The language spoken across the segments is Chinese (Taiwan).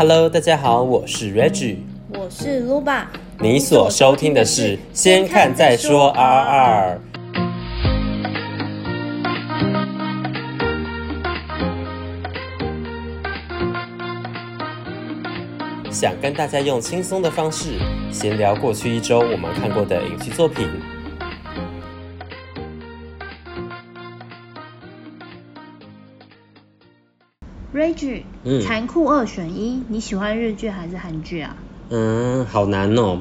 Hello，大家好，我是 Reggie，我是 Luba，你所收聽的是先看再說 RRR。想跟大家用輕鬆的方式閒聊過去一周我們看過的影視作品。日劇，嗯，殘酷二選一，你喜歡日劇還是韓劇啊？嗯，好難哦，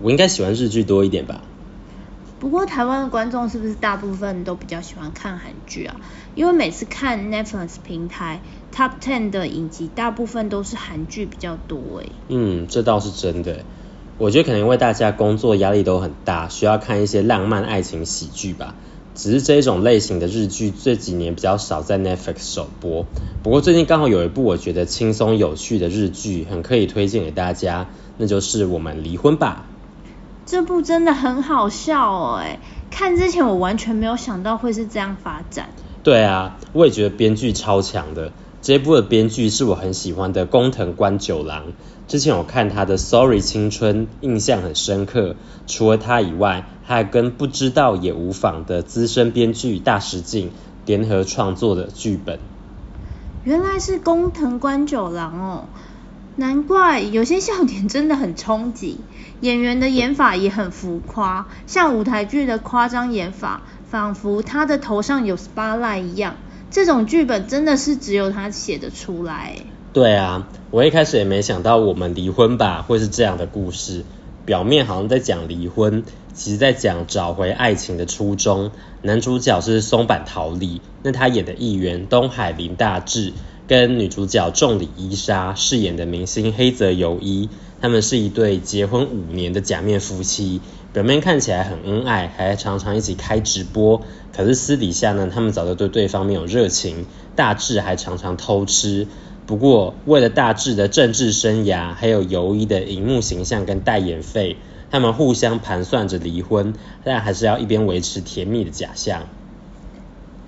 我應該喜歡日劇多一點吧。不過台灣的觀眾是不是大部分都比較喜歡看韓劇啊？因為每次看 Netflix 平台 Top Ten 的影集，大部分都是韓劇比較多哎。嗯，這倒是真的。我覺得可能因為大家工作壓力都很大，需要看一些浪漫愛情喜劇吧。只是這一種類型的日劇這幾年比較少在 Netflix 首播，不過最近剛好有一部我覺得輕鬆有趣的日劇，很可以推薦給大家，那就是《我們離婚吧》。這部真的很好笑哎、哦，看之前我完全沒有想到會是這樣發展。對啊，我也覺得編劇超強的。這部的編劇是我很喜歡的宮藤官九郎，之前我看他的《Sorry 青春》印象很深刻。除了他以外，他還跟不知道也無妨的資深編劇大石靜聯合創作的劇本。原來是宮藤官九郎哦，難怪有些笑點真的很衝擊，演員的演法也很浮誇，像舞台劇的誇張演法，仿佛他的頭上有 spotlight 一樣。這種劇本真的是只有他寫得出來欸。對啊，我一開始也沒想到我們離婚吧會是這樣的故事。表面好像在講離婚，其實在講找回愛情的初衷。男主角是松坂桃李，那他演的議員東海林大志，跟女主角仲里依紗飾演的明星黑澤由衣。他們是一對結婚五年的假面夫妻，表面看起來很恩愛，還常常一起開直播。可是私底下呢，他們早就對對方沒有熱情。大志還常常偷吃，不過為了大志的政治生涯，還有游一的熒幕形象跟代言費，他們互相盤算着離婚，但還是要一邊維持甜蜜的假象。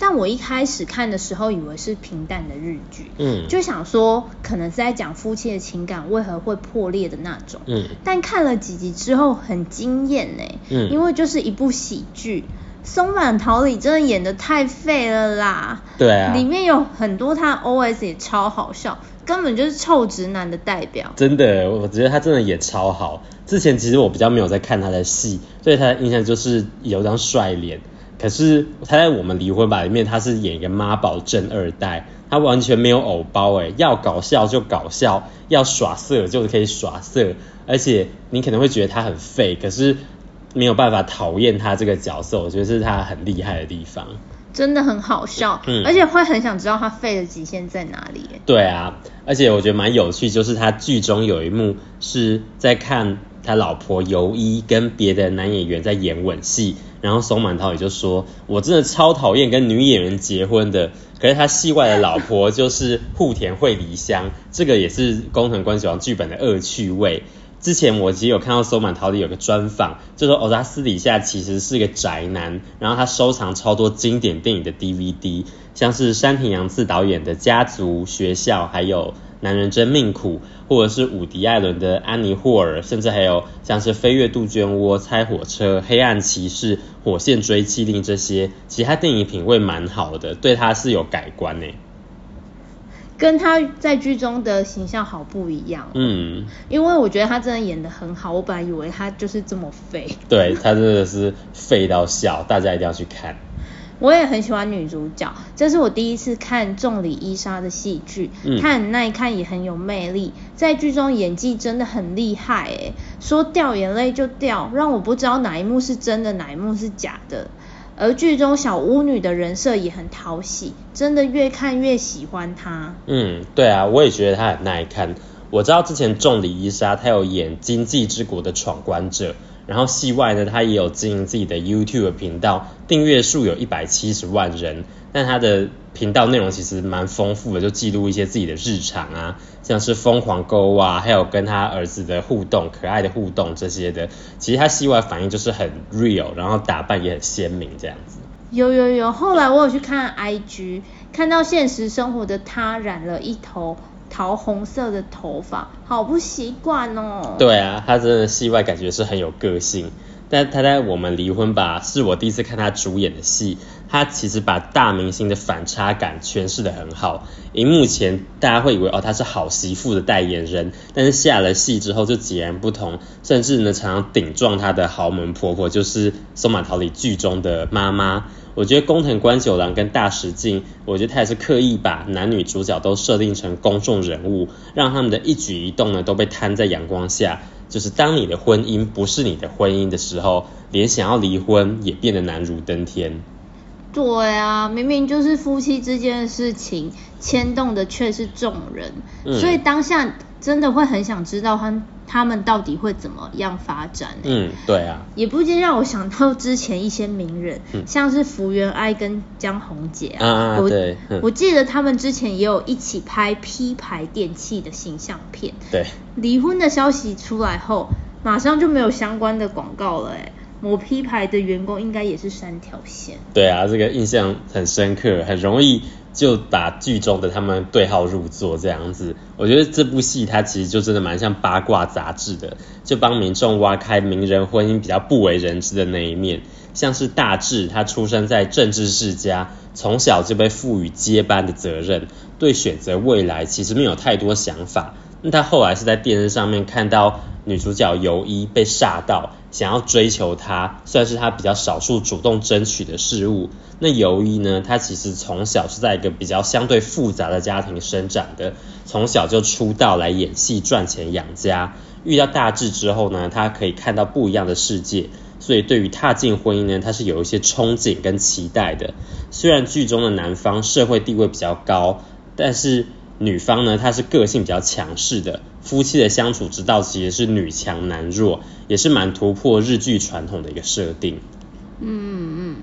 但我一開始看的時候，以為是平淡的日劇，嗯，就想說可能是在講夫妻的情感為何會破裂的那種。嗯，但看了幾集之後很驚艷，很驚艷哎，嗯，因為就是一部喜劇，松坂桃李真的演得太廢了啦。對啊，裡面有很多他 OS 也超好笑，根本就是臭直男的代表。真的，我覺得他真的也超好。之前其實我比較沒有在看他的戲，所以他的印象就是有一張帥臉。可是他在《我們離婚吧》裡面，他是演一個媽寶政二代，他完全沒有偶包誒、欸、要搞笑就搞笑，要耍色就可以耍色，而且你可能會覺得他很廢，可是沒有辦法討厭他這個角色，我覺得是他很厲害的地方，真的很好笑，嗯、而且會很想知道他廢的極限在哪裡、欸。對啊，而且我覺得蠻有趣，就是他劇中有一幕是在看他老婆尤一跟別的男演員在演吻戲。然後松坂桃李就說：“我真的超討厭跟女演員結婚的，可是他戲外的老婆就是戶田惠梨香，這個也是宮藤官九郎劇本的惡趣味。之前我其實有看到松坂桃李有個專訪，就說哦，他私底下其實是一個宅男，然後他收藏超多經典電影的 DVD，像是山田洋次導演的《家族》、《學校》，還有。”男人真命苦，或者是伍迪·艾倫的《安妮·霍爾》，甚至還有像是《飛越杜鵑窩》《猜火車》《黑暗騎士》《火線追緝令》這些，其他電影品味蠻好的，對他是有改觀呢。跟他在劇中的形象好不一樣，嗯，因為我覺得他真的演得很好，我本來以為他就是這麼廢，對，他真的是廢到笑，大家一定要去看。我也很喜歡女主角，這是我第一次看仲里依紗的戲劇，她很耐看，也很有魅力，在劇中演技真的很厲害，欸，誒，說掉眼淚就掉，讓我不知道哪一幕是真的，哪一幕是假的。而劇中小巫女的人設也很討喜，真的越看越喜歡她。嗯，對啊，我也覺得她很耐看。我知道之前仲里依紗她有演《今際之國》的闖關者。然後戲外呢，他也有經營自己的 YouTube 頻道，訂閱數有一百七十萬人。但他的頻道內容其實蠻豐富的，就記錄一些自己的日常啊，像是瘋狂勾啊，還有跟他兒子的互動，可愛的互動這些的。其實他戲外反應就是很 real，然後打扮也很鮮明這樣子。有有有，後來我有去看 IG，看到現實生活的他染了一頭。桃紅色的頭髮，好不習慣哦。對啊，他真的戲外感覺是很有個性。但她在《我們離婚吧》是我第一次看他主演的戲，他其實把大明星的反差感詮釋得很好。熒幕前大家會以為，哦，他是好媳婦的代言人，但是下了戲之後就截然不同，甚至呢常常頂撞他的豪門婆婆，就是《松坂桃李》劇中的媽媽。我覺得宮藤官九郎跟大石靜，我覺得他也是刻意把男女主角都設定成公眾人物，讓他們的一舉一動呢都被攤在陽光下。就是當你的婚姻不是你的婚姻的時候，連想要離婚也變得難如登天。對啊，明明就是夫妻之間的事情，牽動的卻是眾人，嗯，所以當下。真的會很想知道他他們到底會怎麼樣發展，欸？嗯，對啊，也不禁讓我想到之前一些名人，嗯、像是福原愛跟江宏傑啊，啊我對、嗯、我記得他們之前也有一起拍 P 牌電器的形象片。對，離婚的消息出來後，馬上就沒有相關的廣告了欸。哎，某 P 牌的員工應該也是三條線。對啊，這個印象很深刻，嗯，很容易就把劇中的他們對號入座這樣子，我覺得這部戲它其實就真的蠻像八卦雜誌的，就幫民眾挖開名人婚姻比較不為人知的那一面。像是大志，他出生在政治世家，從小就被賦予接班的責任，對選擇未來其實沒有太多想法。那他後來是在電視上面看到女主角尤一被煞到，想要追求她，算是他比較少數主動爭取的事物。那尤一呢，她其實從小是在一個比較相對複雜的家庭生長的，從小就出道來演戲賺錢養家。遇到大志之後呢，他可以看到不一樣的世界，所以對於踏進婚姻呢，他是有一些憧憬跟期待的。雖然劇中的男方社會地位比較高，但是。女方呢，她是個性比較強勢的，夫妻的相處之道其實是女強男弱，也是蠻突破日劇傳統的一個設定。嗯嗯，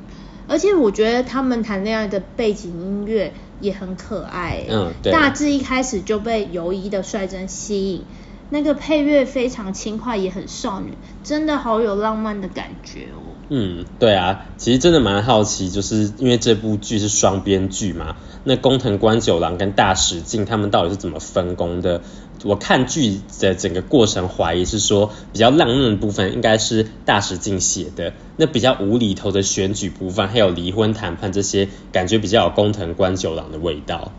而且我覺得他們談戀愛的背景音樂也很可愛。嗯，對。大志一開始就被游一的率真吸引，那個配樂非常輕快，也很少女，真的好有浪漫的感覺哦。嗯，對啊，其實真的蠻好奇，就是因為這部劇是雙編劇嘛，那宮藤官九郎跟大石靜他們到底是怎麼分工的？我看劇的整個過程懷疑是說，比較浪漫的部分應該是大石靜寫的，那比較無厘頭的選舉部分還有離婚談判這些，感覺比較有宮藤官九郎的味道。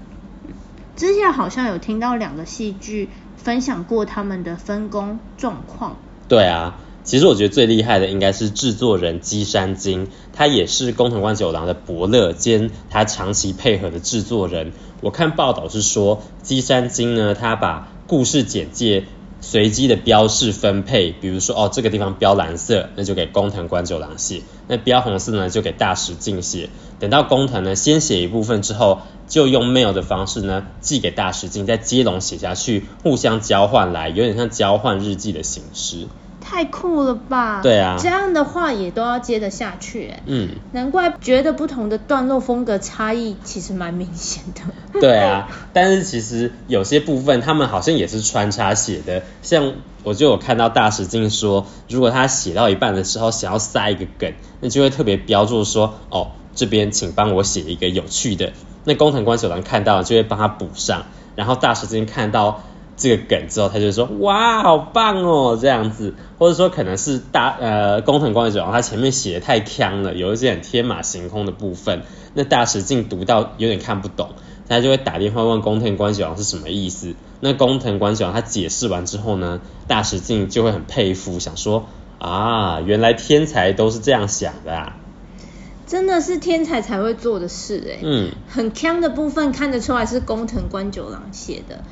之前好像有聽到兩個戲劇分享過他們的分工狀況。對啊。其實我覺得最厲害的應該是製作人基山金，他也是宮藤官九郎的伯樂兼他長期配合的製作人。我看報道是說，基山金呢，他把故事簡介隨機的標示分配，比如說哦，這個地方標藍色，那就給宮藤官九郎寫；那標紅色呢，就給大石靜寫。等到宮藤呢先寫一部分之後，就用 mail 的方式呢寄給大石靜，再接龍寫下去，互相交換來，有點像交換日記的形式。太酷了吧！對啊，這樣的話也都要接得下去，嗯，難怪覺得不同的段落風格差異其實蠻明顯的。對啊， 但是其實有些部分他們好像也是穿插寫的，像我就有看到大石靜說，如果他寫到一半的時候想要塞一個梗，那就會特別標註說，哦這邊請幫我寫一個有趣的，那宮藤官九郎看到了就會幫他補上，然後大石靜看到這個梗之後，他就說：“哇，好棒哦，這樣子。”或者說，可能是大呃宮藤官九郎他前面寫的太鏘了，有一點天馬行空的部分。那大石靜讀到有點看不懂，他就會打電話問宮藤官九郎是什麼意思。那宮藤官九郎他解釋完之後呢，大石靜就會很佩服，想說：“啊，原來天才都是這樣想的啊！”真的是天才才會做的事、欸、嗯，很鏘的部分看得出來是宮藤官九郎寫的。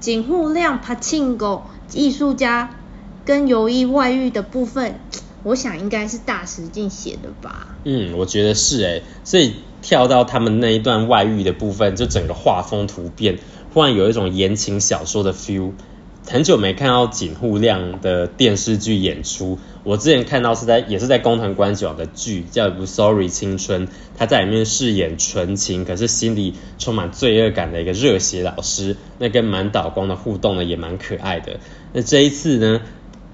錦戶亮柏青歌藝術家跟游藝外遇的部分，我想應該是大石靜寫的吧。嗯，我覺得是哎、欸，所以跳到他們那一段外遇的部分，就整個畫風突變，忽然有一種言情小說的 feel。很久沒看到井戶亮的電視劇演出，我之前看到是在也是在宮藤官九郎的劇，叫《Sorry 青春》，他在裡面飾演純情可是心裡充滿罪惡感的一個熱血老師，那跟滿島光的互動呢也蠻可愛的。那這一次呢，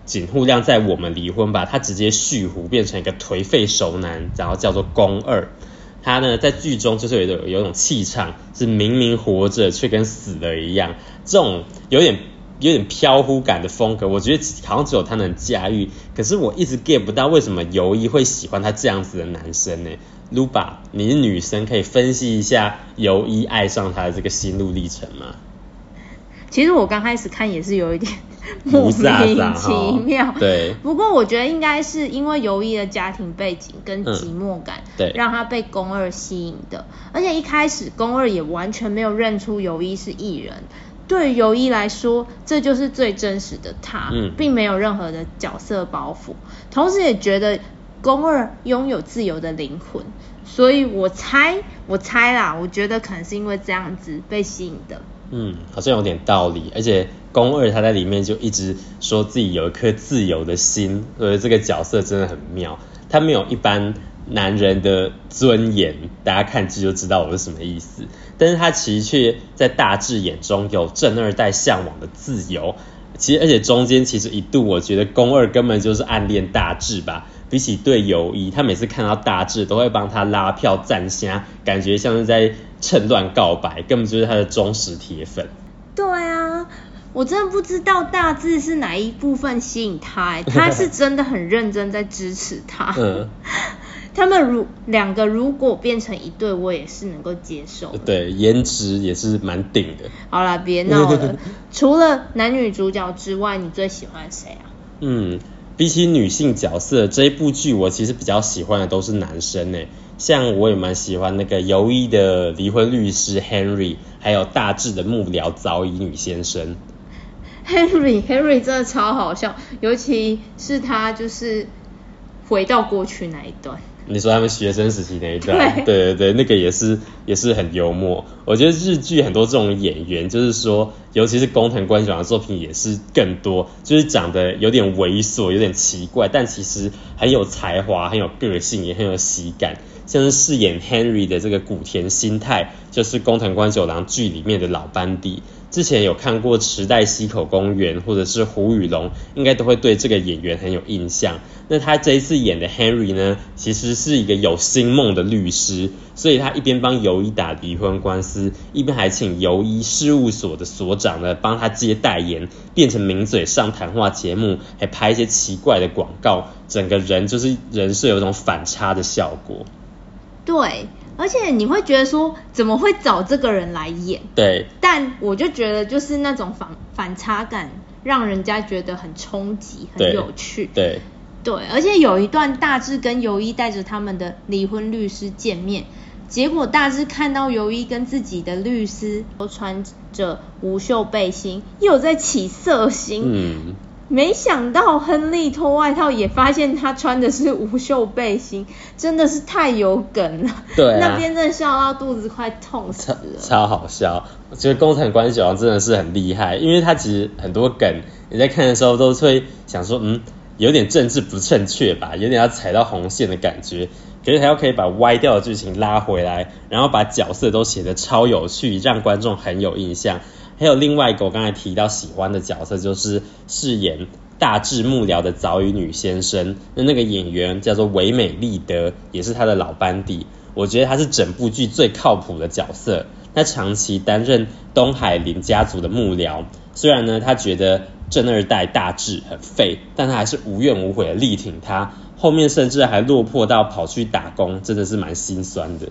井戶亮在《我們離婚吧》，他直接蓄鬍變成一個頹廢熟男，然後叫做宮二。他呢在劇中就是有一種有一種氣場，是明明活着卻跟死了一樣，這種有點。有點飄忽感的風格，我覺得好像只有他能駕馭。可是我一直 get 不到為什麼游一會喜歡他這樣子的男生呢？盧巴，你是女生，可以分析一下游一愛上他的這個心路歷程嗎？其實我剛開始看也是有一點莫名其妙。對。不過我覺得應該是因為游一的家庭背景跟寂寞感，嗯，對，讓他被宮二吸引的。而且一開始宮二也完全沒有認出游一是藝人。對游一來說，這就是最真實的他，嗯、並沒有任何的角色包袱。同時也覺得公二擁有自由的靈魂，所以我猜，我猜啦，我覺得可能是因為這樣子被吸引的。嗯，好像有點道理。而且公二他在裡面就一直說自己有一顆自由的心，所以這個角色真的很妙。他沒有一般。男人的尊嚴，大家看劇就知道我是什麼意思。但是他其實卻在大志眼中有政二代嚮往的自由。其實而且中間其實一度我覺得宮二根本就是暗戀大志吧。比起對友誼，他每次看到大志都會幫他拉票贊下，感覺像是在趁亂告白，根本就是他的忠實鐵粉。對啊，我真的不知道大志是哪一部分吸引他，欸，他是真的很認真在支持他。 嗯他們如兩個如果變成一對，我也是能夠接受。對，顏值也是蠻頂的。好啦別鬧了，別鬧了。除了男女主角之外，你最喜歡誰啊？嗯，比起女性角色，這一部劇我其實比較喜歡的都是男生耶。像我也蠻喜歡那個游一的離婚律師 Henry，還有大志的幕僚早乙女先生。Henry Henry 真的超好笑，尤其是他就是回到過去那一段。你說他們學生時期那一段對。對對對，那個也是也是很幽默。我覺得日劇很多這種演員，就是說，尤其是宮藤官九郎的作品也是更多，就是長得有點猥瑣，有點奇怪，但其實很有才華，很有個性，也很有喜感。像是飾演 Henry 的這個古田新太，就是宮藤官九郎劇裡面的老班底。之前有看過池袋西口公園，或者是虎與龍，應該都會對這個演員很有印象。那他這一次演的 Henry 呢，其實是一個有星夢的律師，所以他一邊幫與一打離婚官司，一邊還請與一事務所的所長呢幫他接代言，變成名嘴上談話節目，還拍一些奇怪的廣告，整個人就是人設有一種反差的效果。對。而且你會覺得說怎麼會找這個人來演？對，但我就覺得就是那種反反差感，讓人家覺得很衝擊、對很有趣。對，對，而且有一段大志跟尤一帶着他們的離婚律師見面，結果大志看到尤一跟自己的律師都穿着無袖背心，又在起色心。嗯沒想到亨利脫外套也發現他穿的是無袖背心，真的是太有梗了。對啊，那邊真的笑到肚子快痛死了。超，超好笑，我覺得宮藤官九郎真的是很厲害，因為他其實很多梗，你在看的時候都會想說，嗯，有點政治不正確吧，有點要踩到紅線的感覺。可是他又可以把歪掉的劇情拉回來，然後把角色都寫得超有趣，讓觀眾很有印象。還有另外一個我剛才提到喜歡的角色，就是飾演大志幕僚的早乙女先生。那那個演員叫做唯美利德，也是他的老班底。我覺得他是整部劇最靠譜的角色。他長期擔任東海林家族的幕僚，雖然呢，他覺得正二代大志很廢，但他還是無怨無悔的力挺他。後面甚至還落魄到跑去打工，真的是蠻心酸的。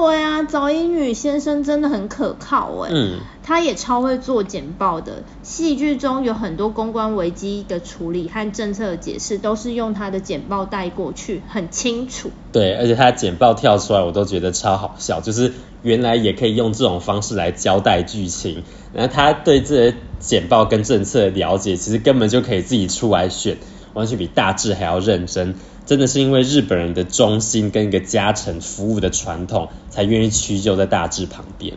對呀，啊，早英女先生真的很可靠哎，欸，嗯，他也超會做簡報的。戲劇中有很多公關危機的處理和政策的解釋，都是用他的簡報帶過去，很清楚。對，而且他簡報跳出來，我都覺得超好笑。就是原來也可以用這種方式來交代劇情。那他對這些簡報跟政策的了解，其實根本就可以自己出來選。完全比大志還要認真，真的是因為日本人的忠心跟一個家臣服務的傳統，才願意屈就在大志旁邊。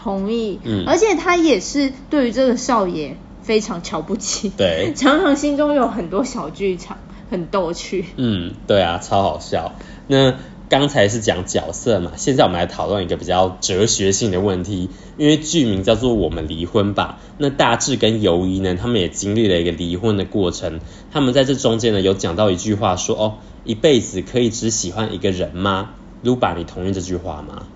同意，嗯，而且他也是對於這個少爺非常瞧不起，對，常常心中有很多小劇場，很逗趣。嗯，對啊，超好笑。那。剛才是講角色嘛，現在我們來討論一個比較哲學性的問題，因為劇名叫做《我們離婚吧》。那大致跟尤怡呢，他們也經歷了一個離婚的過程。他們在這中間呢，有講到一句話，說：“哦，一輩子可以只喜歡一個人嗎？”魯巴，你同意這句話嗎？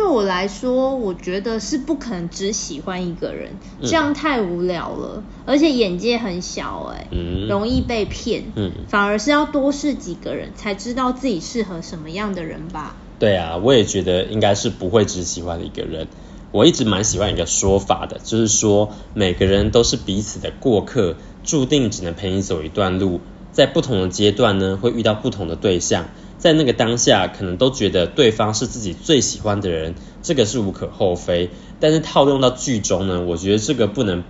對我來說，我覺得是不可能只喜歡一個人，這樣太無聊了，嗯，而且眼界很小誒，欸，嗯，容易被騙。嗯，嗯，反而是要多試幾個人，才知道自己適合什麼樣的人吧。對啊，我也覺得應該是不會只喜歡一個人。我一直蠻喜歡一個說法的，就是說每個人都是彼此的過客，注定只能陪你走一段路，在不同的階段呢，會遇到不同的對象。在那個當下，可能都覺得對方是自己最喜歡的人，這個是無可厚非。但是套用到劇中呢，我覺得這個不能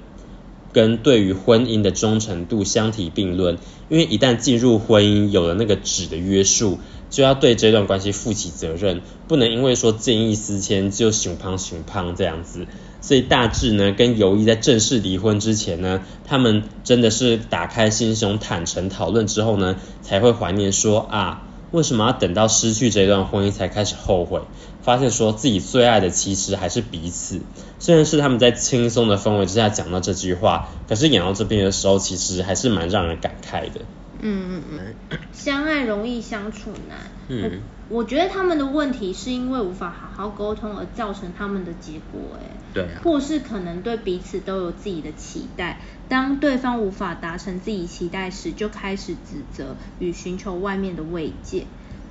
跟對於婚姻的忠誠度相提並論。因為一旦進入婚姻，有了那個紙的約束，就要對這段關係負起責任，不能因為說見異思遷就熊胖熊胖這樣子。所以大志呢，跟結衣在正式離婚之前呢，他們真的是打開心胸、坦誠討論之後呢，才會懷念說啊。為什麼要等到失去這段婚姻才開始後悔？發現說自己最愛的其實還是彼此。雖然是他們在輕鬆的氛圍之下講到這句話，可是演到這邊的時候，其實還是蠻讓人感慨的。嗯嗯嗯，相愛容易相處難。嗯。我覺得他們的問題是因為無法好好溝通而造成他們的結果。欸，哎，對，或是可能對彼此都有自己的期待，當對方無法達成自己期待時，就開始指責與尋求外面的慰藉。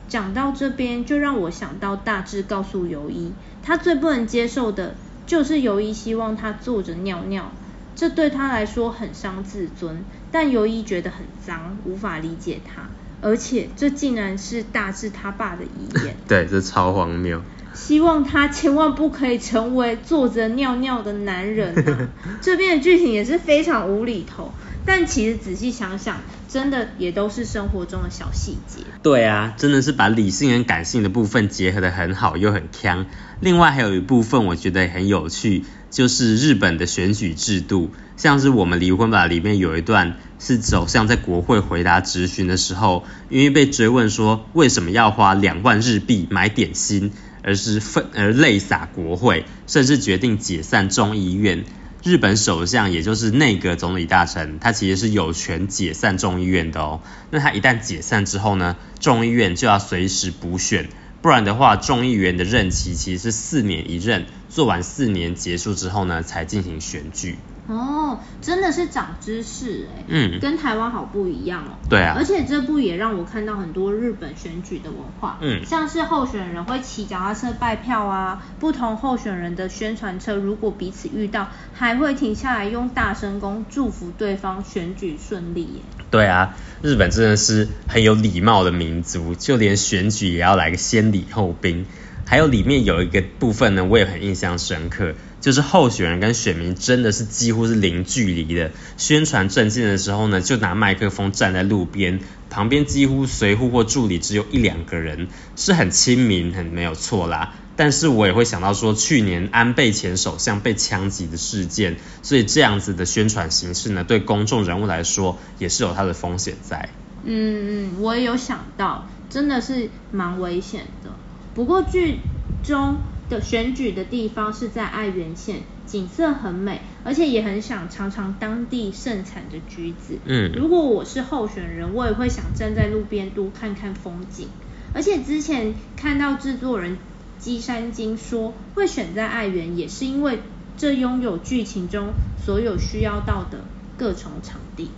講到這邊，就讓我想到大志告訴尤一，他最不能接受的就是尤一希望他坐着尿尿，這對他來說很傷自尊，但尤一覺得很髒，無法理解他。而且這竟然是大志他爸的遺言， 對，這超荒謬。希望他千萬不可以成為坐着尿尿的男人啊。 這邊的劇情也是非常無厘頭，但其實仔細想想，真的也都是生活中的小細節。對啊，真的是把理性跟感性的部分結合得很好，又很鏘。另外還有一部分我覺得很有趣。就是日本的選舉制度，像是《我們離婚吧》裡面有一段是首相在國會回答質詢的時候，因為被追問說為什麼要花兩萬日幣買點心，而是憤而淚灑國會，甚至決定解散眾議院。日本首相也就是內閣總理大臣，他其實是有權解散眾議院的哦。那他一旦解散之後呢，眾議院就要隨時補選。不然的話，眾議員的任期其實是四年一任，做完四年結束之後呢，才進行選舉。哦，真的是長知識誒。嗯，跟台灣好不一樣哦，對啊，而且這部也讓我看到很多日本選舉的文化，嗯，像是候選人會騎腳踏車拜票啊，不同候選人的宣傳車如果彼此遇到，還會停下來用大聲公祝福對方選舉順利耶。對啊，日本真的是很有禮貌的民族，就連選舉也要來個先禮後兵，還有裡面有一個部分呢，我也很印象深刻。就是候選人跟選民真的是幾乎是零距離的，宣傳政見的時候呢，就拿麥克風站在路邊，旁邊幾乎隨扈或助理只有一兩個人，是很親民，很沒有錯啦。但是我也會想到說，去年安倍前首相被槍擊的事件，所以這樣子的宣傳形式呢，對公眾人物來說也是有它的風險在。嗯嗯，我也有想到，真的是蠻危險的。不過劇中。的選舉的地方是在愛媛縣，景色很美，而且也很想嚐嚐當地盛產的橘子。嗯，如果我是候選人，我也會想站在路邊多看看風景。而且之前看到製作人磯山晶說會選在愛媛，也是因為這擁有劇情中所有需要到的各種場地。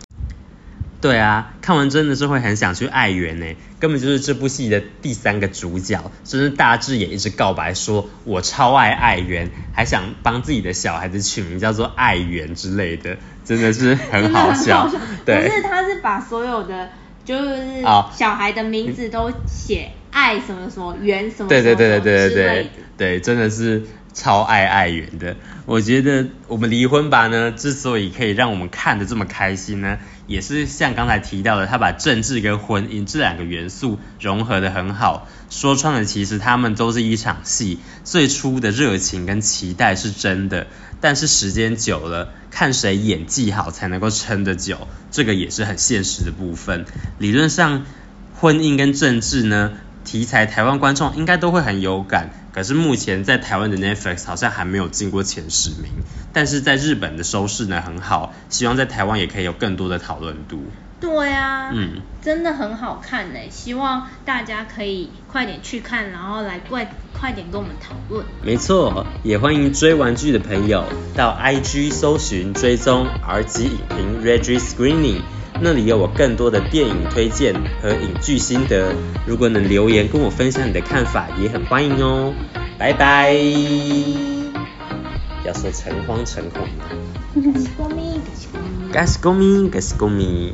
對啊，看完真的是會很想去愛媛呢，根本就是這部戲的第三個主角，甚至大志也一直告白說，我超愛愛媛，還想幫自己的小孩子取名叫做愛媛之類的，真的是很好笑。 好笑對，可是他是把所有的就是小孩的名字都寫愛什麼什麼、哦、什麼媛什麼對，對對對對對對對對，的對真的是。超愛愛媛的，我覺得我們離婚吧呢，之所以可以讓我們看得這麼開心呢，也是像剛才提到的，他把政治跟婚姻這兩個元素融合得很好。說穿了，其實他們都是一場戲。最初的熱情跟期待是真的，但是時間久了，看誰演技好才能夠撐得久，這個也是很現實的部分。理論上，婚姻跟政治呢，題材台灣觀眾應該都會很有感，可是目前在台灣的 Netflix 好像還沒有進過前十名，但是在日本的收視呢很好，希望在台灣也可以有更多的討論度。對呀、啊，嗯，真的很好看嘞、欸，希望大家可以快點去看，然後來快快點跟我們討論。沒錯，也歡迎追完劇的朋友到 IG 搜尋追蹤 R 級影評 R 級 Screening。那裡有我更多的電影推薦和影劇心得，如果能留言跟我分享你的看法，也很歡迎哦。拜拜。要說誠惶誠恐。感謝共鳴，感謝共鳴，感謝共鳴。